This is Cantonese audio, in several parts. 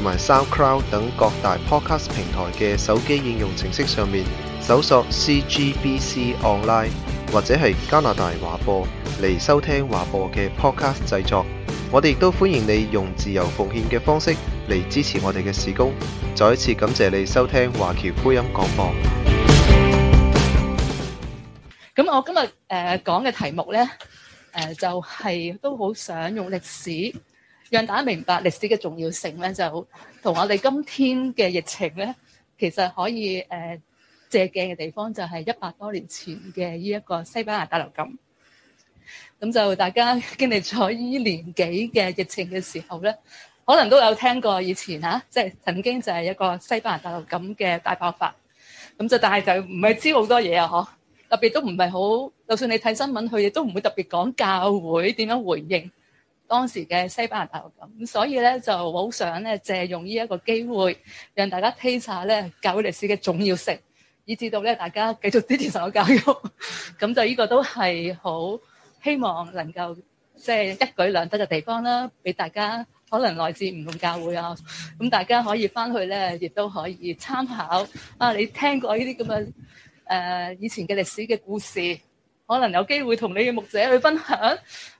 同埋 SoundCloud 等各大 Podcast 平台嘅手機應用程式上面搜索 CGBC Online 或者係加拿大華播嚟收聽華播嘅 Podcast 製作，我哋亦都歡迎你用自由奉獻嘅方式嚟支持我哋嘅事工。再一次感謝你收聽華僑福音廣播。咁我今日誒講嘅題目呢，誒就係都好想用歷史。讓大家明白歷史嘅重要性咧，就同我哋今天嘅疫情咧，其實可以、呃、借鏡嘅地方就係一百多年前嘅呢一個西班牙大流感。咁就大家經歷咗依年幾嘅疫情嘅時候咧，可能都有聽過以前嚇，即、啊就係、曾經就係一個西班牙大流感嘅大爆發。咁就但係就唔係知好多嘢啊，嗬！特別都唔係好，就算你睇新聞去，佢亦都唔會特別講教會點樣回應。當時嘅西班牙大流感咁，所以咧就好想咧借用呢一個機會，讓大家聽下咧教會歷史嘅重要性，以至到咧大家繼續支持神教育。咁就呢個都係好希望能夠即係一舉兩得嘅地方啦，俾大家可能來自唔同教會啊，咁大家可以翻去咧，亦都可以參考啊，你聽過呢啲咁嘅誒以前嘅歷史嘅故事。可能有機會同你嘅牧者去分享，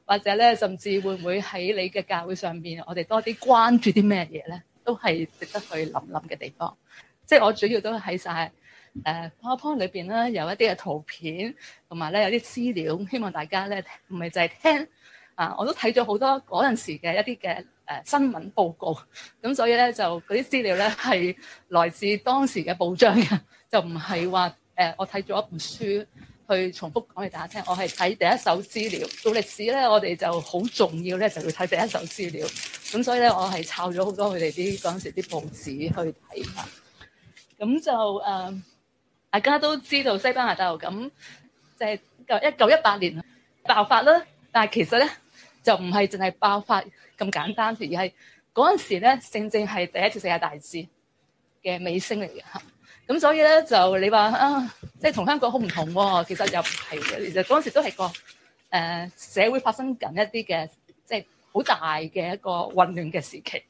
或者咧，甚至會唔會喺你嘅教會上邊，我哋多啲關注啲咩嘢咧？都係值得去諗諗嘅地方。即係我主要都喺晒誒 PowerPoint 裏邊咧，有一啲嘅圖片，同埋咧有啲資料，希望大家咧唔係就係聽啊。我都睇咗好多嗰陣時嘅一啲嘅誒新聞報告，咁所以咧就嗰啲資料咧係來自當時嘅報章嘅，就唔係話誒我睇咗一本書。去重複講俾大家聽，我係睇第一手資料。做歷史咧，我哋就好重要咧，就要睇第一手資料。咁所以咧，我係抄咗好多佢哋啲嗰陣時啲報紙去睇下。咁就誒、呃，大家都知道西班牙大流感，就係九一九一八年爆發啦。但係其實咧，就唔係淨係爆發咁簡單，而係嗰陣時咧，正正係第一次世界大戰嘅尾聲嚟嘅。咁所以咧就你話啊，即係同香港好唔同喎。其實又係，其實嗰陣時都係個誒社會發生緊一啲嘅，即係好大嘅一個混亂嘅時期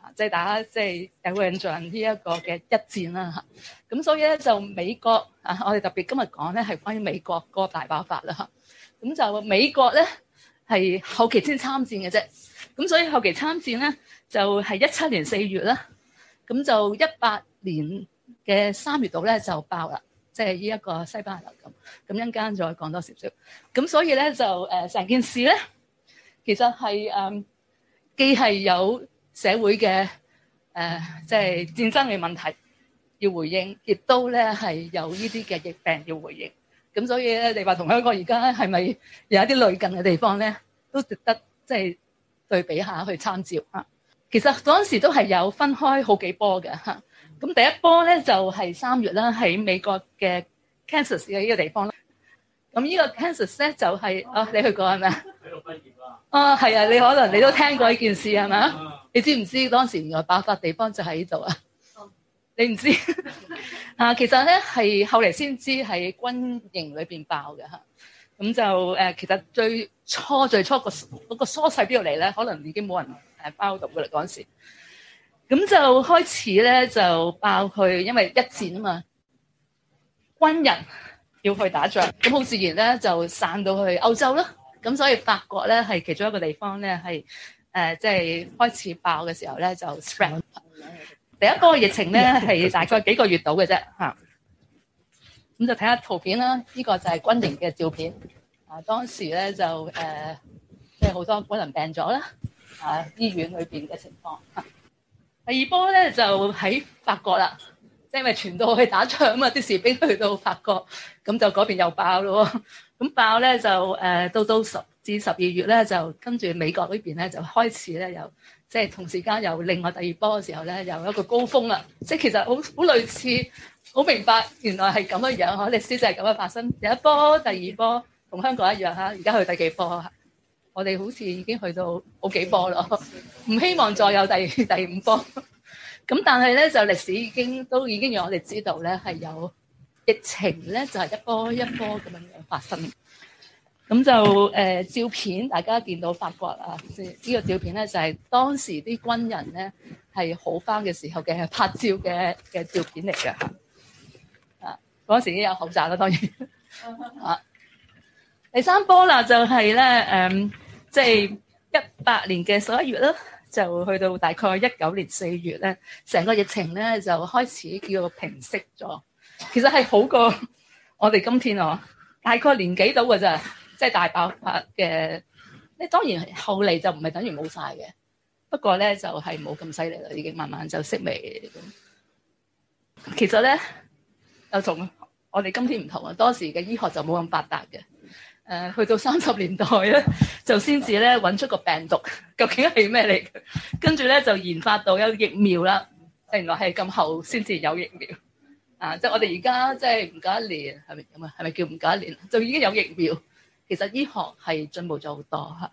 啊。即係大家即係有印象呢一個嘅一戰啦嚇。咁所以咧就美國啊，我哋特別今日講咧係關於美國嗰個大爆發啦。咁就美國咧係後期先參戰嘅啫。咁所以後期參戰咧就係一七年四月啦。咁就一八年。嘅三月度咧就爆啦，即係呢一個西班牙流感。咁一陣間再講多少少。咁所以咧就誒成、呃、件事咧，其實係誒既係有社會嘅誒即係戰爭嘅問題要回應，亦都咧係有呢啲嘅疫病要回應。咁所以咧，你話同香港而家係咪有一啲類近嘅地方咧，都值得即係對比下去參照啊。其實嗰陣時都係有分開好幾波嘅吓。咁第一波咧就係、是、三月啦，喺美國嘅 Kansas 嘅呢個地方啦。咁呢個 Kansas 咧就係、是哦、啊，你去過係咪？喺度畢業啊！啊，係啊，你可能你都聽過呢件事係咪啊？吧啊，你知唔知道當時原來爆發地方就喺呢度啊？啊你唔知道 啊？其實咧係後嚟先知喺軍營裏邊爆嘅嚇。咁就誒、啊，其實最初最初、那個嗰、那個 source 邊度嚟咧？可能已經冇人誒包到㗎啦嗰陣時。咁就開始咧，就爆佢，因為一戰啊嘛，軍人要去打仗，咁好自然咧就散到去歐洲啦。咁所以法國咧係其中一個地方咧係即係開始爆嘅時候咧就、spread. s r e 第一波疫情咧係大概幾個月到嘅啫嚇。咁、啊、就睇下圖片啦，呢、呢個就係軍營嘅照片。啊，當時咧就誒，即係好多軍人病咗啦，啊醫院裏面嘅情況。啊第二波咧就喺法國啦，即係因為傳到去打仗啊嘛，啲士兵去到法國，咁就嗰邊又爆咯，咁爆咧就、呃、到到十至十二月咧，就跟住美國呢邊咧就開始咧又即係同時間又另外第二波嘅時候咧又一個高峰啦，即係其實好好類似，好明白原來係咁嘅樣呵，歷史就係咁樣發生，有一波、第二波同香港一樣吓，而家去第幾波？我哋好似已經去到好幾波咯，唔希望再有第第五波。咁但係咧就歷史已經都已經讓我哋知道咧係有疫情咧就係、是、一波一波咁樣樣發生。咁就誒、呃、照片大家見到法國啊呢、這個照片咧就係、是、當時啲軍人咧係好返嘅時候嘅拍照嘅嘅照片嚟嘅嚇。啊嗰時已經有口罩啦，當然嚇。第、啊、三波啦就係咧誒。嗯即係一八年嘅十一月啦，就去到大概一九年四月咧，成個疫情咧就開始叫做平息咗。其實係好過我哋今天啊，大概年幾度嘅咋？即係大爆發嘅。你當然後嚟就唔係等於冇曬嘅，不過咧就係冇咁犀利啦，已經慢慢就熄微咁。其實咧又同我哋今天唔同啊，當時嘅醫學就冇咁發達嘅。誒、uh, 去到三十年代咧，就先至咧揾出個病毒，究竟係咩嚟？跟住咧就研發到有疫苗啦，原來係咁後先至有疫苗。啊，即係我哋而家即係唔夠一年係咪咁啊？係咪叫唔夠一年？就已經有疫苗。其實醫學係進步咗好多吓。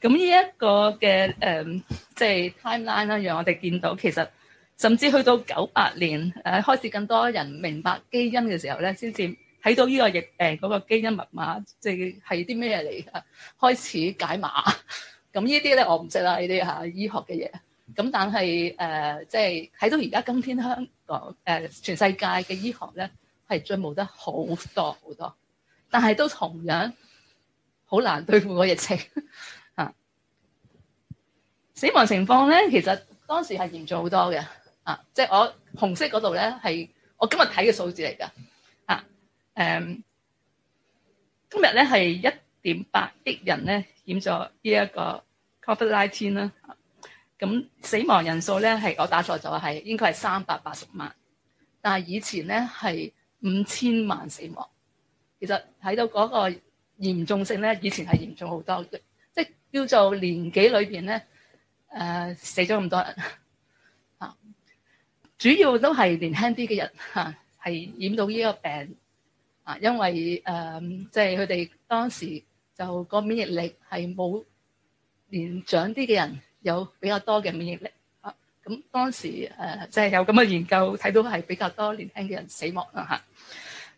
咁呢一個嘅誒，即係 timeline 啦，就是、timeline, 讓我哋見到其實甚至去到九八年誒、啊，開始更多人明白基因嘅時候咧，先至。睇到呢個疫病嗰個基因密碼，即係係啲咩嚟噶？開始解碼。咁呢啲咧，我唔識啦，呢啲嚇醫學嘅嘢。咁但係誒，即係睇到而家今天香港誒全世界嘅醫學咧，係進步得好多好多。但係都同樣好難對付個疫情嚇。 死亡情況咧，其實當時係嚴重好多嘅。啊，即係我紅色嗰度咧係我今日睇嘅數字嚟㗎。誒，um, 今日咧係一點八億人咧，染咗呢一個 COVID nineteen 啦。咁、啊、死亡人數咧係我打錯咗，係應該係三百八十萬。但係以前咧係五千萬死亡。其實睇到嗰個嚴重性咧，以前係嚴重好多，嘅，即係叫做年紀裏邊咧，誒、呃、死咗咁多人啊！主要都係年輕啲嘅人嚇，係、啊、染到呢個病。因為誒，即係佢哋當時就個免疫力係冇年長啲嘅人有比較多嘅免疫力啊。咁當時誒，即、呃、係、就是、有咁嘅研究睇到係比較多年輕嘅人死亡啊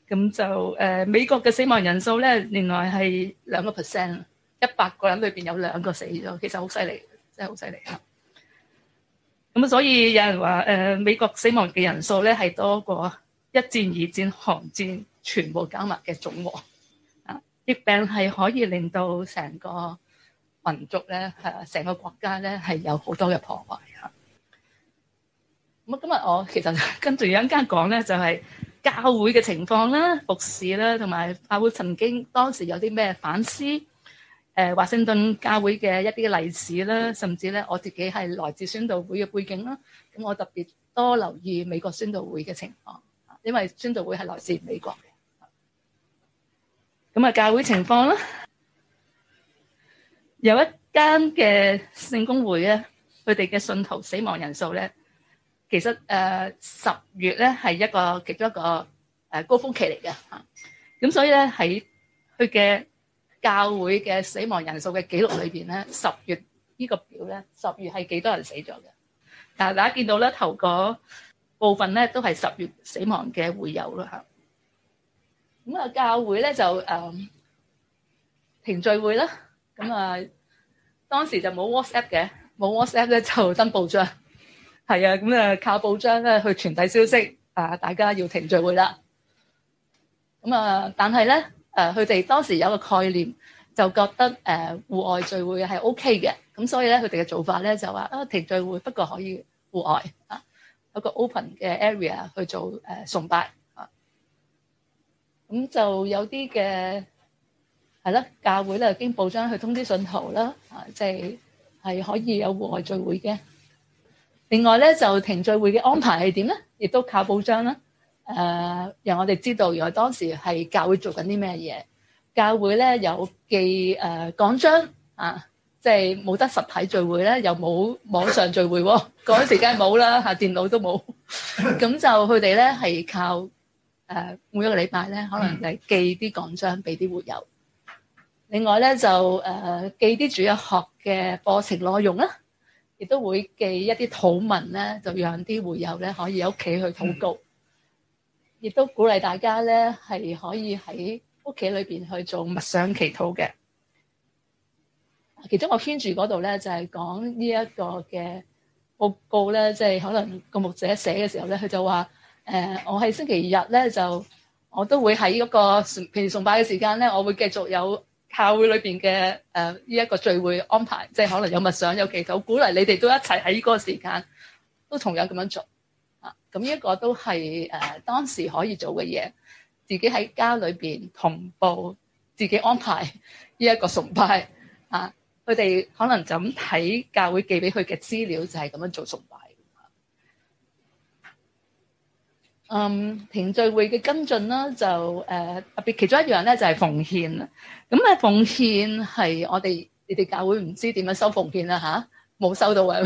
嚇。咁就誒、呃、美國嘅死亡人數咧，原來係兩個 percent，一百個人裏邊有兩個死咗，其實好犀利，真係好犀利嚇。咁、啊、所以有人話誒、呃、美國死亡嘅人數咧係多過一戰、二戰、韓戰。全部加埋嘅總和啊！疫病係可以令到成個民族咧，係啊，成個國家咧係有好多嘅破壞嚇。咁啊，今日我其實跟住有陣間講咧，就係教會嘅情況啦、服侍啦，同埋教會曾經當時有啲咩反思？誒，華盛頓教會嘅一啲嘅例子啦，甚至咧我自己係來自宣道會嘅背景啦，咁我特別多留意美國宣道會嘅情況，因為宣道會係來自美國。咁啊，教會情況啦，有一間嘅聖公會咧，佢哋嘅信徒死亡人數咧，其實誒十月咧係一個其中一個誒高峯期嚟嘅嚇。咁所以咧喺佢嘅教會嘅死亡人數嘅記錄裏邊咧，十月呢個表咧，十月係幾多人死咗嘅？嗱，大家見到咧頭嗰部分咧都係十月死亡嘅會友啦嚇。咁啊，教會咧就誒停聚會啦。咁啊，當時就冇 WhatsApp 嘅，冇 WhatsApp 咧就登報章，係啊。咁啊，靠報章咧去傳遞消息啊，大家要停聚會啦。咁啊，但係咧誒，佢哋當時有個概念，就覺得誒戶外聚會係 OK 嘅。咁所以咧，佢哋嘅做法咧就話啊，停聚會，不過可以戶外啊，一個 open 嘅 area 去做誒崇拜。咁就有啲嘅係啦，教會咧經報章去通知信徒啦，啊，即係係可以有戶外聚會嘅。另外咧就停聚會嘅安排係點咧？亦都靠報章啦，誒，讓我哋知道原來當時係教會做緊啲咩嘢。教會咧有寄誒講章啊，即係冇得實體聚會咧，又冇網上聚會喎。嗰陣時梗係冇啦，嚇電腦都冇，咁就佢哋咧係靠。誒每一個禮拜咧，可能就係寄啲講章俾啲會友。嗯、另外咧就誒寄啲主要學嘅課程內容啦，亦都會寄一啲禱文咧，就讓啲會友咧可以喺屋企去禱告。亦、嗯、都鼓勵大家咧係可以喺屋企裏邊去做默想祈禱嘅。其中我圈住嗰度咧就係、是、講呢一個嘅報告咧，即、就、係、是、可能個牧者寫嘅時候咧，佢就話。誒、呃，我係星期日咧，就我都會喺嗰、這個平時崇拜嘅時間咧，我會繼續有教會裏邊嘅誒呢一個聚會安排，即係可能有默想有祈禱，我估嚟你哋都一齊喺呢個時間都同樣咁樣做啊！咁呢一個都係誒、呃、當時可以做嘅嘢，自己喺家裏邊同步自己安排呢一個崇拜啊！佢哋可能就咁睇教會寄俾佢嘅資料，就係咁樣做崇。嗯，停聚會嘅跟進啦，就誒特別其中一樣咧，就係、是、奉獻啦。咁、嗯、啊，奉獻係我哋你哋教會唔知點樣收奉獻啦吓，冇收到嘅，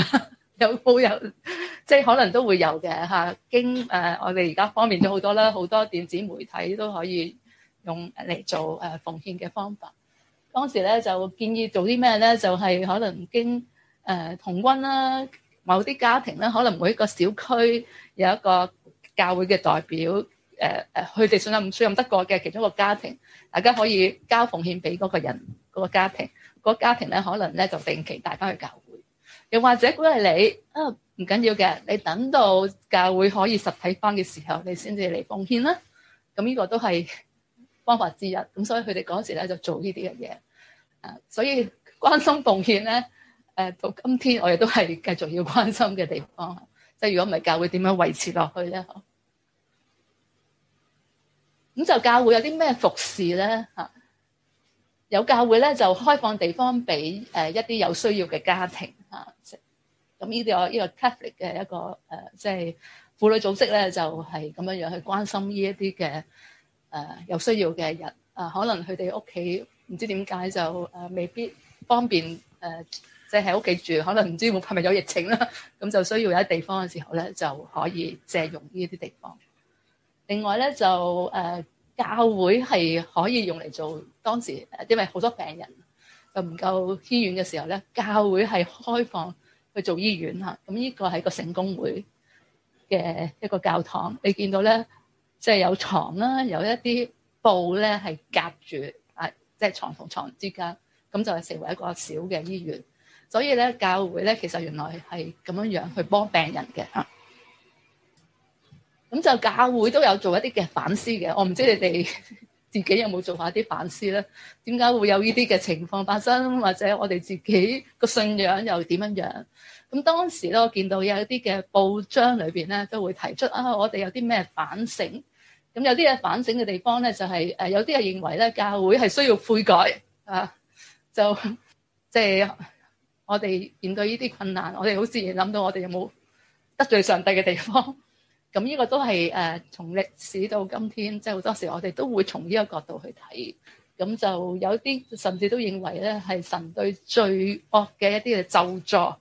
有冇有？即係可能都會有嘅吓、啊，經誒、呃，我哋而家方便咗好多啦，好多電子媒體都可以用嚟做誒、呃、奉獻嘅方法。當時咧就建議做啲咩咧，就係、是、可能經誒、呃、同温啦，某啲家庭咧，可能每一個小區有一個。教會嘅代表，誒、呃、誒，佢哋信任、唔信任得過嘅其中一個家庭，大家可以交奉獻俾嗰個人、嗰、嗰個家庭，嗰、嗰個家庭咧可能咧就定期帶翻去教會，又或者鼓勵你啊，唔緊要嘅，你等到教會可以實體翻嘅時候，你先至嚟奉獻啦。咁呢個都係方法之一。咁所以佢哋嗰時咧就做呢啲嘅嘢。啊，所以關心奉獻咧，誒、呃、到今天我哋都係繼續要關心嘅地方。如果唔係教會點樣維持落去咧？咁就教會有啲咩服侍咧？嚇，有教會咧就開放地方俾誒一啲有需要嘅家庭嚇。咁呢啲我呢個、這個、Catholic 嘅一個誒，即係婦女組織咧，就係咁樣樣去關心呢一啲嘅誒有需要嘅人。啊、呃，可能佢哋屋企唔知點解就誒未必方便誒。呃即係喺屋企住，可能唔知會係咪有疫情啦，咁就需要有啲地方嘅時候咧，就可以借用呢啲地方。另外咧就誒、呃，教會係可以用嚟做當時誒，因為好多病人就唔夠醫院嘅時候咧，教會係開放去做醫院嚇。咁呢個係個聖公會嘅一個教堂，你見到咧即係有床啦，有一啲布咧係隔住啊，即係床同床之間，咁就成為一個小嘅醫院。所以咧，教會咧，其實原來係咁樣樣去幫病人嘅嚇。咁就教會都有做一啲嘅反思嘅。我唔知你哋自己有冇做下啲反思咧？點解會有呢啲嘅情況發生？或者我哋自己個信仰又點樣樣？咁當時咧，我見到有一啲嘅報章裏邊咧，都會提出啊，我哋有啲咩反省？咁有啲嘅反省嘅地方咧、就是，就係誒有啲人認為咧，教會係需要悔改啊，就即係。就是我哋面對呢啲困難，我哋好自然諗到我哋有冇得罪上帝嘅地方。咁呢個都係誒、呃、從歷史到今天，即係好多時候我哋都會從呢個角度去睇。咁就有啲甚至都認為咧，係神對罪惡嘅一啲嘅咒詛。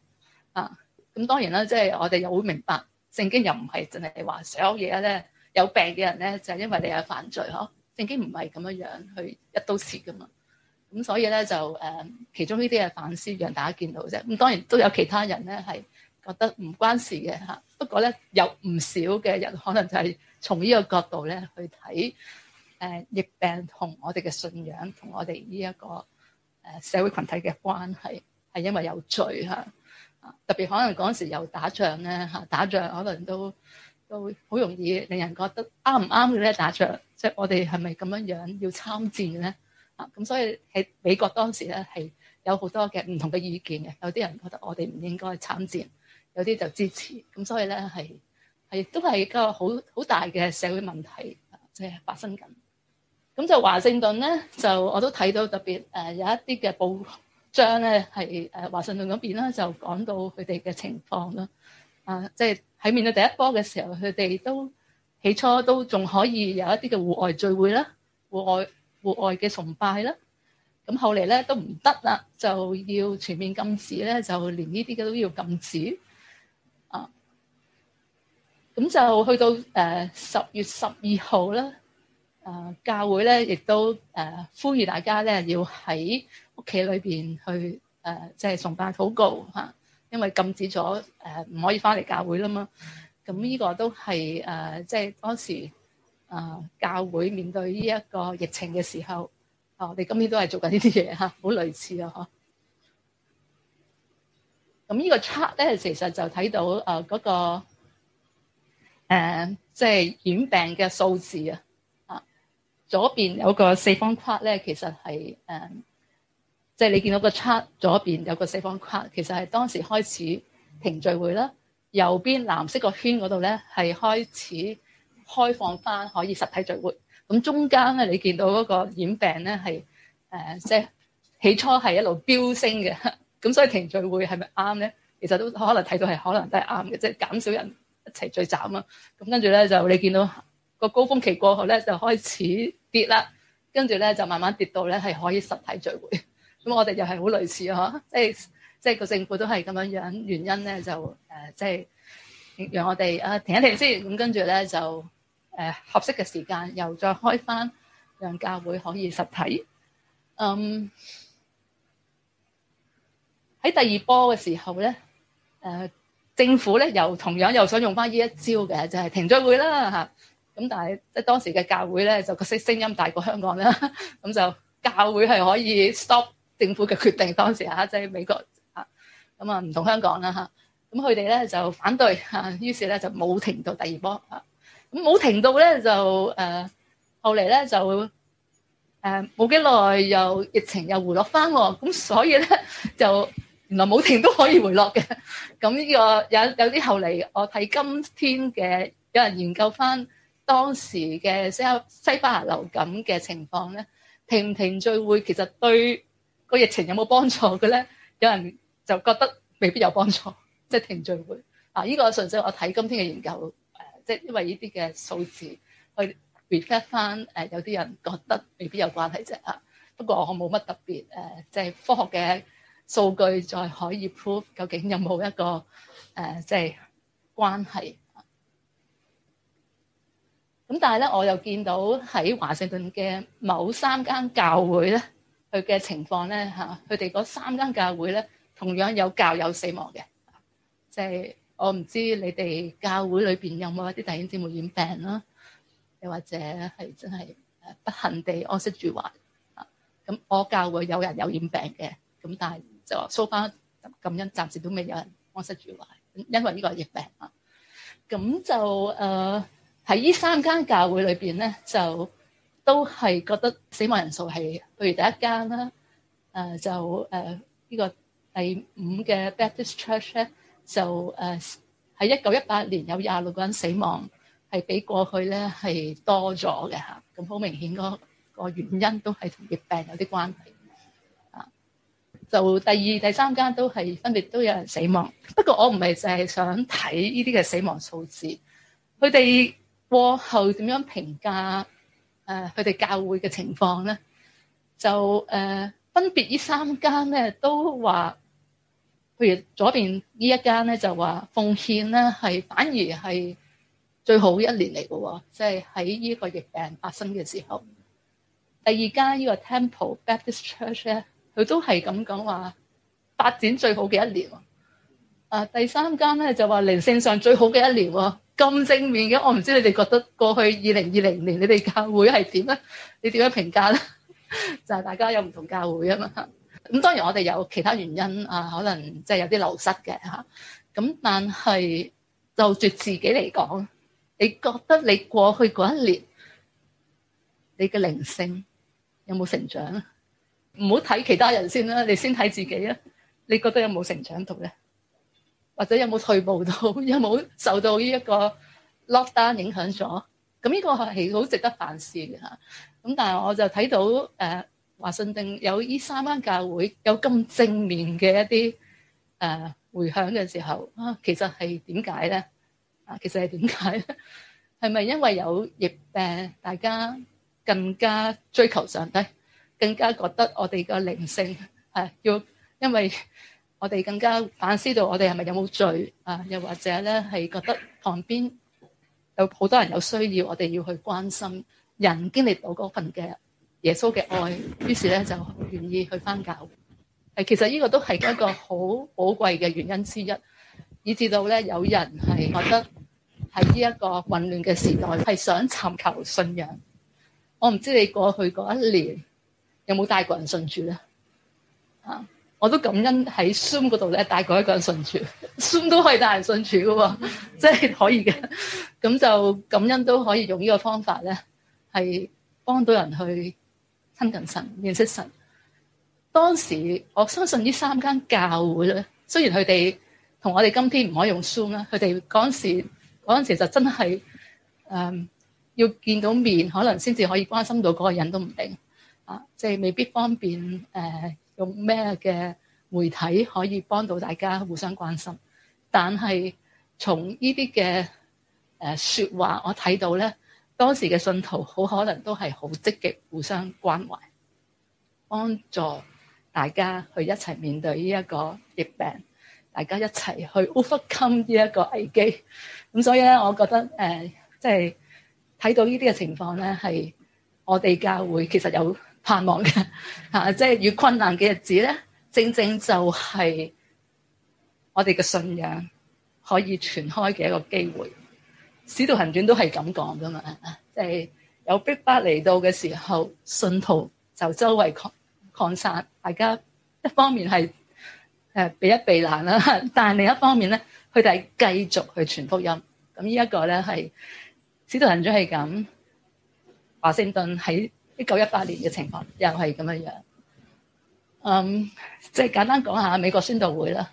啊。咁當然啦，即、就、係、是、我哋又會明白聖經又唔係淨係話所有嘢咧，有病嘅人咧就係、是、因為你係犯罪嗬、啊，聖經唔係咁樣樣去一刀切噶嘛。咁所以咧就誒，其中呢啲嘅反思讓大家見到啫。咁當然都有其他人咧係覺得唔關事嘅嚇。不過咧，有唔少嘅人可能就係從呢個角度咧去睇誒、呃、疫病同我哋嘅信仰同我哋呢一個誒社會群體嘅關係，係因為有罪嚇啊！特別可能嗰陣時又打仗咧嚇，打仗可能都都好容易令人覺得啱唔啱嘅咧打仗，即係我哋係咪咁樣樣要參戰咧？咁、啊、所以喺美國當時咧係有好多嘅唔同嘅意見嘅，有啲人覺得我哋唔應該參戰，有啲就支持，咁所以咧係係都係一個好好大嘅社會問題，即、啊、係、就是、發生緊。咁就華盛頓咧，就我都睇到特別誒、啊、有一啲嘅報章咧係誒華盛頓嗰邊啦，就講到佢哋嘅情況啦。啊，即係喺面對第一波嘅時候，佢哋都起初都仲可以有一啲嘅戶外聚會啦，戶外。戶外嘅崇拜啦，咁後嚟咧都唔得啦，就要全面禁止咧，就連呢啲嘅都要禁止啊。咁就去到誒十月十二號啦，誒教會咧亦都誒呼籲大家咧要喺屋企裏邊去誒即係崇拜禱告嚇，因為禁止咗誒唔可以翻嚟教會啦嘛。咁呢個都係誒即係當時。啊！教會面對呢一個疫情嘅時候，哦、啊，我哋今年都係做緊呢啲嘢吓，好類似啊！嗬。咁呢個 chart 咧，其實就睇到誒嗰，啊那個誒，即、呃、係、就是、染病嘅數字啊。啊，左邊有個四方框咧，其實係誒，即、呃、係、就是、你見到個 chart 左邊有個四方框，其實係當時開始停聚會啦。右邊藍色個圈嗰度咧，係開始。開放翻可以實體聚會，咁中間咧你見到嗰個染病咧係誒即係起初係一路飆升嘅，咁所以停聚會係咪啱咧？其實都可能睇到係可能都係啱嘅，即係減少人一齊聚集啊！咁跟住咧就你見到個高峰期過後咧就開始跌啦，跟住咧就慢慢跌到咧係可以實體聚會，咁我哋又係好類似呵，即係即係個政府都係咁樣樣，原因咧就誒、呃、即係。讓我哋啊停一停先，咁跟住咧就誒、呃、合適嘅時間又再開翻，讓教會可以實體。嗯，喺第二波嘅時候咧，誒、呃、政府咧又同樣又想用翻呢一招嘅，就係、是、停咗會啦嚇。咁、啊、但係即當時嘅教會咧，就個聲聲音大過香港啦，咁、啊、就教會係可以 stop 政府嘅決定。當時嚇，即、啊、係、就是、美國嚇，咁啊唔、啊啊、同香港啦嚇。啊咁佢哋咧就反對啊，於是咧就冇停到第二波啊。咁冇停到咧就誒，後嚟咧就誒冇幾耐又疫情又回落返喎。咁所以咧就原來冇停都可以回落嘅。咁呢個有有啲後嚟，我睇今天嘅有人研究返當時嘅西西班牙流感嘅情況咧，停唔停聚會其實對個疫情有冇幫助嘅咧？有人就覺得未必有幫助。即係停聚會啊！依個純粹我睇今天嘅研究誒，即因為依啲嘅數字去 reflect 翻誒，有啲人覺得未必有關係啫。不過我冇乜特別誒，即係科學嘅數據再可以 prove 究竟有冇一個誒即係關係。咁但係咧，我又見到喺華盛頓嘅某三間教會咧，佢嘅情況咧嚇，佢哋嗰三間教會咧同樣有教友死亡嘅。即係我唔知你哋教會裏邊有冇一啲弟兄姊妹染病啦，又或者係真係不幸地安息主懷啊。咁我教會有人有染病嘅，咁但係就蘇巴感恩暫時都未有人安息主懷，因為呢個疫病啊。咁就誒喺呢三間教會裏邊咧，就都係覺得死亡人數係譬如第一間啦，誒、呃、就誒呢、呃這個第五嘅 Baptist Church 咧。就誒喺一九一八年有廿六個人死亡，係比過去咧係多咗嘅嚇。咁好明顯，嗰個原因都係同疫病有啲關係啊。就第二、第三間都係分別都有人死亡。不過我唔係淨係想睇呢啲嘅死亡數字，佢哋過後點樣評價誒佢哋教會嘅情況咧？就誒、呃、分別呢三間咧都話。譬如左邊呢一間咧就話奉獻咧係反而係最好一年嚟嘅喎，即係喺呢個疫病發生嘅時候。第二間呢個 Temple Baptist Church 咧，佢都係咁講話發展最好嘅一年。啊，第三間咧就話靈性上最好嘅一年喎，咁正面嘅。我唔知你哋覺得過去二零二零年你哋教會係點咧？你點樣評價咧？就係、是、大家有唔同教會啊嘛。咁當然我哋有其他原因啊，可能即係有啲流失嘅嚇。咁但係就住自己嚟講，你覺得你過去嗰一年你嘅靈性有冇成長？唔好睇其他人先啦，你先睇自己啊！你覺得有冇成長到咧？或者有冇退步到？有冇受到呢一個 lockdown 影響咗？咁呢個係好值得反思嘅嚇。咁但係我就睇到誒。華盛頓有呢三間教會有咁正面嘅一啲誒回響嘅時候啊，其實係點解咧？啊，其實係點解咧？係咪因為有疫誒，大家更加追求上帝，更加覺得我哋個靈性係要，因為我哋更加反思到我哋係咪有冇罪啊？又或者咧係覺得旁邊有好多人有需要，我哋要去關心人經歷到嗰份嘅。耶穌嘅愛，於是咧就願意去翻教。係其實呢個都係一個好寶貴嘅原因之一，以至到咧有人係覺得喺呢一個混亂嘅時代係想尋求信仰。我唔知道，唔知你過去嗰一年有冇帶個人信主咧？啊，我都感恩喺 Zoom 嗰度咧帶過一個人信主，Zoom 都可以帶人信主㗎喎，即係 可以嘅。咁就感恩都可以用呢個方法咧，係幫到人去。親近神、認識神。當時我相信呢三間教會咧，雖然佢哋同我哋今天唔可以用 Zoom 啦，佢哋嗰陣時陣時就真係誒、嗯、要見到面，可能先至可以關心到嗰個人都唔定啊，即、就、係、是、未必方便誒、呃、用咩嘅媒體可以幫到大家互相關心。但係從、呃、呢啲嘅誒説話，我睇到咧。當時嘅信徒好可能都係好積極互相關懷，幫助大家去一齊面對呢一個疫病，大家一齊去 overcome 呢一個危機。咁所以咧，我覺得誒，即係睇到這些呢啲嘅情況咧，係我哋教會其實有盼望嘅㗎。即係越困難嘅日子咧，正正就係我哋嘅信仰可以傳開嘅一個機會。使徒行傳都係咁講噶嘛，即係有逼迫嚟到嘅時候，信徒就周圍擴擴散，大家一方面係誒避一避難啦，但係另一方面咧，佢哋係繼續去傳福音。咁呢一個咧係使徒行傳係咁，華盛頓喺一九一八年嘅情況又係咁樣樣。嗯，即係簡單講下美國宣道會啦。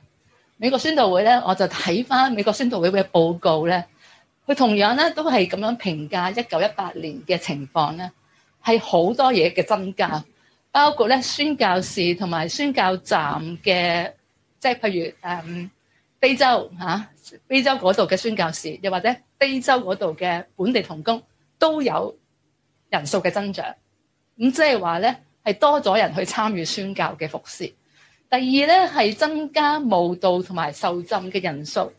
美國宣道會咧，我就睇翻美國宣道會嘅報告咧。佢同樣咧都係咁樣評價一九一八年嘅情況咧，係好多嘢嘅增加，包括咧宣教士同埋宣教站嘅，即係譬如誒非洲嚇，非洲嗰度嘅宣教士，又或者非洲嗰度嘅本地同工都有人數嘅增長，咁即係話咧係多咗人去參與宣教嘅服侍。第二咧係增加慕道同埋受浸嘅人數，誒、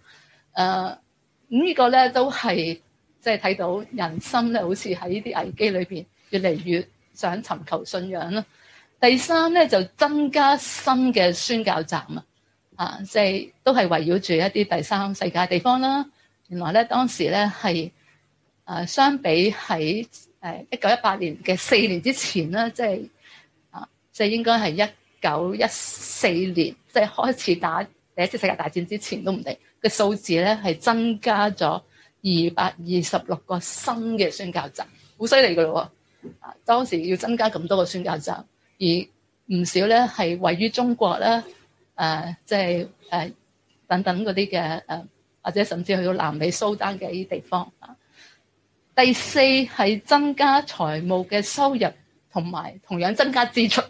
呃。咁呢個咧都係即係睇到人心咧，好似喺呢啲危機裏邊越嚟越想尋求信仰咯。第三咧就增加新嘅宣教站啊，啊即係都係圍繞住一啲第三世界的地方啦。原來咧當時咧係誒相比喺誒一九一八年嘅四年之前啦，即係啊即係應該係一九一四年即係開始打第一次世界大戰之前都唔定，嘅數字咧係增加咗二百二十六個新嘅宣教站，好犀利噶咯喎！啊，當時要增加咁多個宣教站，而唔少咧係位於中國啦，誒、呃，即係誒等等嗰啲嘅誒，或者甚至去到南美蘇丹嘅依啲地方。啊、第四係增加財務嘅收入同埋，同樣增加支出。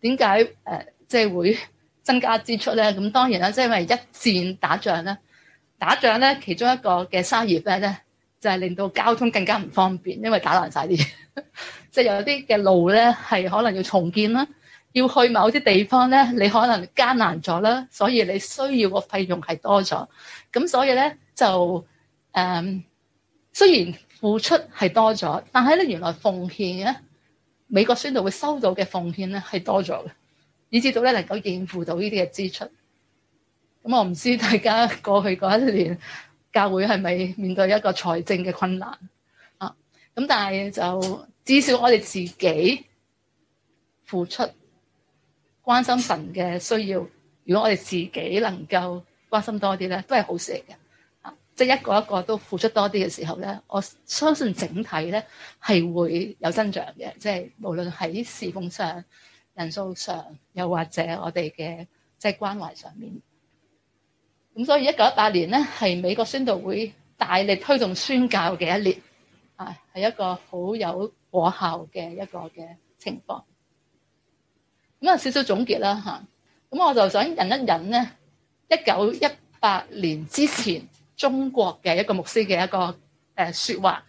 點解誒即係會？增加支出咧，咁當然啦，即係因為一戰打仗咧，打仗咧其中一個嘅生意咧，咧就係令到交通更加唔方便，因為打爛晒啲，即 係有啲嘅路咧係可能要重建啦，要去某啲地方咧，你可能艱難咗啦，所以你需要個費用係多咗，咁所以咧就誒、嗯，雖然付出係多咗，但係咧原來奉獻咧，美國宣道會收到嘅奉獻咧係多咗嘅。以至到咧能夠應付到呢啲嘅支出，咁、嗯、我唔知大家過去嗰一年教會係咪面對一個財政嘅困難啊？咁、嗯、但係就至少我哋自己付出關心神嘅需要，如果我哋自己能夠關心多啲咧，都係好事嚟嘅啊！即係一個一個都付出多啲嘅時候咧，我相信整體咧係會有增長嘅，即係無論喺侍奉上。人數上，又或者我哋嘅即係關懷上面，咁所以一九一八年咧，係美國宣道會大力推動宣教嘅一年，啊，係一個好有果效嘅一個嘅情況。咁啊，少少總結啦嚇。咁我就想引一引咧，一九一八年之前中國嘅一個牧師嘅一個誒說話。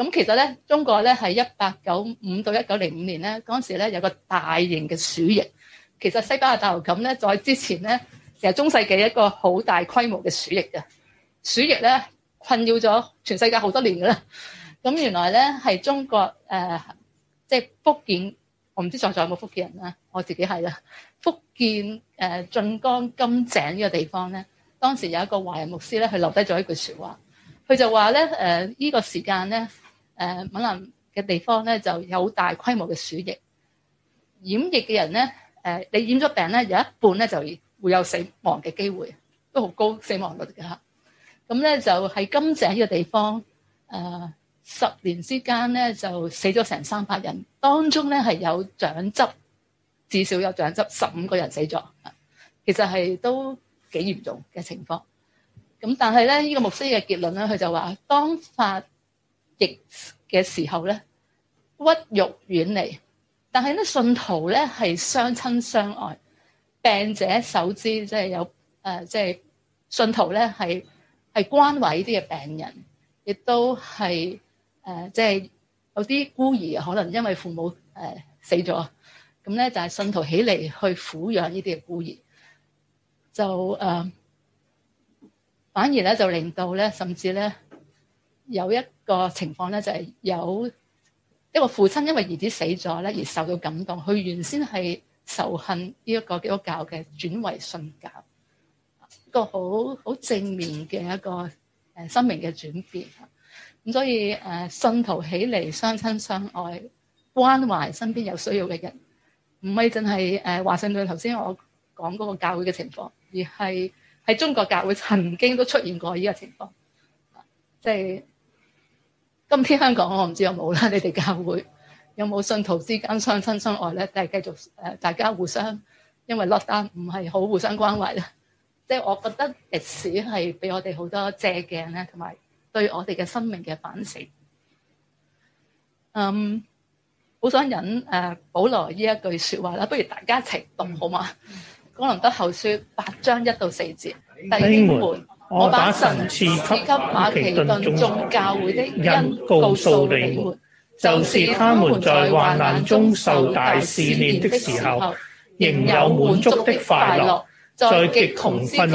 咁其實咧，中國咧係一八九五到一九零五年咧，嗰陣時咧有個大型嘅鼠疫。其實西班牙大流感咧，在之前咧，其實中世紀一個好大規模嘅鼠疫嘅鼠疫咧，困擾咗全世界好多年嘅啦。咁原來咧係中國誒，即係福建，我唔知在座有冇福建人啦，我自己係啦，福建誒晉江金井呢個地方咧，當時有一個華人牧師咧，佢留低咗一句説話，佢就話咧誒呢個時間咧。誒閩南嘅地方咧就有大規模嘅鼠疫，染疫嘅人咧，誒、呃、你染咗病咧，有一半咧就會有死亡嘅機會，都好高死亡率嘅嚇。咁、啊、咧就喺金井呢個地方，誒、啊、十年之間咧就死咗成三百人，當中咧係有長執，至少有長執十五個人死咗、啊，其實係都幾嚴重嘅情況。咁、啊、但係咧呢、這個牧師嘅結論咧，佢就話當法。嘅時候咧，屈辱遠離，但係咧，信徒咧係相親相愛。病者手資，即係有誒，即、就、係、是、信徒咧係係關懷呢啲嘅病人，亦都係誒，即、呃、係、就是、有啲孤兒，可能因為父母誒、呃、死咗，咁咧就係信徒起嚟去撫養呢啲嘅孤兒，就誒、呃，反而咧就令到咧，甚至咧有一。這個情況咧就係有一個父親，因為兒子死咗咧而受到感動。佢原先係仇恨呢一個基督教嘅，轉為信教，一個好好正面嘅一個誒生命嘅轉變。咁所以誒、啊，信徒起嚟相親相愛，關懷身邊有需要嘅人，唔係淨係誒華盛頓頭先我講嗰個教會嘅情況，而係喺中國教會曾經都出現過呢個情況、啊，即係。今天香港，我唔知道有冇啦。你哋教會有冇信徒之間相親相愛咧？但係繼續誒、呃、大家互相因為落單唔係好互相關懷咧？即、就、係、是、我覺得歷史係俾我哋好多借鏡咧，同埋對我哋嘅生命嘅反省。嗯，好想引誒、呃、保羅依一句説話啦，不如大家一齊讀好嗎？嗯，《哥林多後書》八章一到四節，聞第一節我把神賜給馬其頓眾教會的恩告訴你們，就是他們在患難中受大試煉的時候，仍有滿足的快樂，在極窮困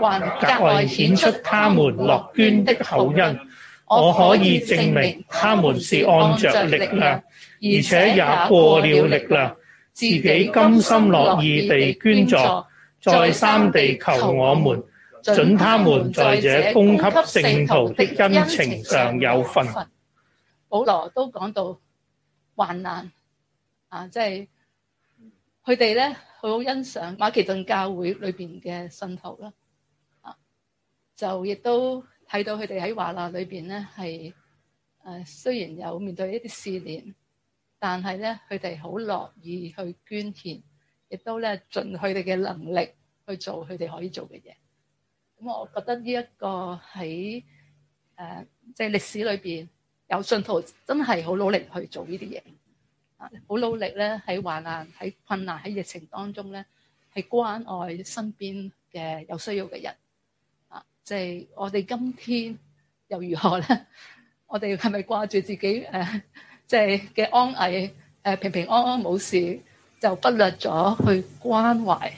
還格外顯出他們樂捐的厚恩，我可以證明他們是按着力量，而且也過了力量，自己甘心樂意地捐助，再三地求我們。準他們在這供給聖徒的恩情上有份。保羅都講到患難啊，即係佢哋咧，好好欣賞馬其頓教會裏邊嘅信徒啦。啊，就亦都睇到佢哋喺患難裏邊咧，係誒雖然有面對一啲試煉，但係咧佢哋好樂意去捐獻，亦都咧盡佢哋嘅能力去做佢哋可以做嘅嘢。咁我覺得呢一個喺誒即係歷史裏邊有信徒真係好努力去做呢啲嘢，啊好努力咧喺患難、喺困難、喺疫情當中咧，係關愛身邊嘅有需要嘅人，啊即係、就是、我哋今天又如何咧？ 我哋係咪掛住自己誒即係嘅安危誒、啊、平平安安冇事，就忽略咗去關懷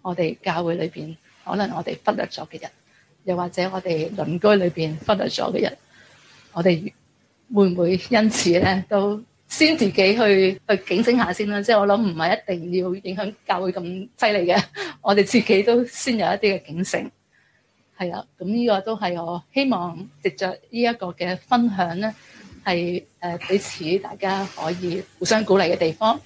我哋教會裏邊？可能我哋忽略咗嘅人，又或者我哋鄰居裏邊忽略咗嘅人，我哋會唔會因此咧都先自己去去警醒下先啦？即係我諗唔係一定要影響教會咁犀利嘅，我哋自己都先有一啲嘅警醒。係啦，咁呢個都係我希望藉着呢一個嘅分享咧，係誒彼此大家可以互相鼓勵嘅地方。